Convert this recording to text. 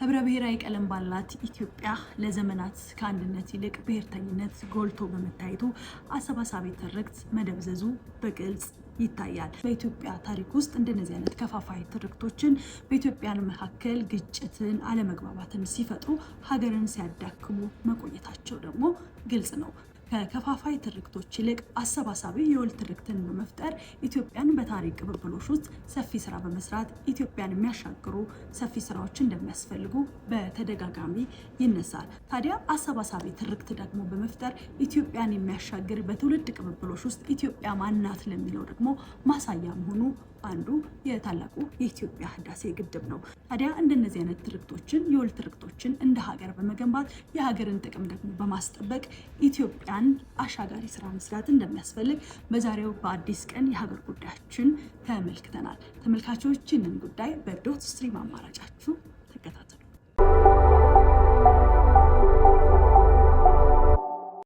ህብረ ብሔራዊ ቀለም ባላት ኢትዮጵያ ለዘመናት ከአንድነት ይልቅ ብሔርተኝነት ጎልቶ በመታየቱ አሰባሳቢ ትርክት መደብዘዙ በግልጽ ይታያል። በኢትዮጵያ ታሪክ ውስጥ እንደነዚህ አይነት ከፋፋይ ትርክቶችን በኢትዮጵያን መካከል ግጭትን፣ አለመግባባትን ሲፈጥሩ ሀገርን ሲያዳክሙ መቆየታቸው ደግሞ ግልጽ ነው። ከከፋፋይ ትርክቶች ይልቅ አሰባሳቢ የወል ትርክትን በመፍጠር ኢትዮጵያን በታሪክ ቅብብሎች ውስጥ ሰፊ ስራ በመስራት ኢትዮጵያን የሚያሻግሩ ሰፊ ስራዎች እንደሚያስፈልጉ በተደጋጋሚ ይነሳል። ታዲያ አሰባሳቢ ትርክት ደግሞ በመፍጠር ኢትዮጵያን የሚያሻግር በትውልድ ቅብብሎች ውስጥ ኢትዮጵያ ማናት ለሚለው ደግሞ ማሳያ መሆኑ አንዱ የታላቁ የኢትዮጵያ ህዳሴ ግድብ ነው። ታዲያ እንደነዚህ አይነት ትርክቶችን የወል ትርክቶች ሀብቶችን እንደ ሀገር በመገንባት የሀገርን ጥቅም ደግሞ በማስጠበቅ ኢትዮጵያን አሻጋሪ ስራ መስራት እንደሚያስፈልግ በዛሬው በአዲስ ቀን የሀገር ጉዳያችን ተመልክተናል። ተመልካቾችንን ጉዳይ በዶት ስትሪም አማራጫችሁ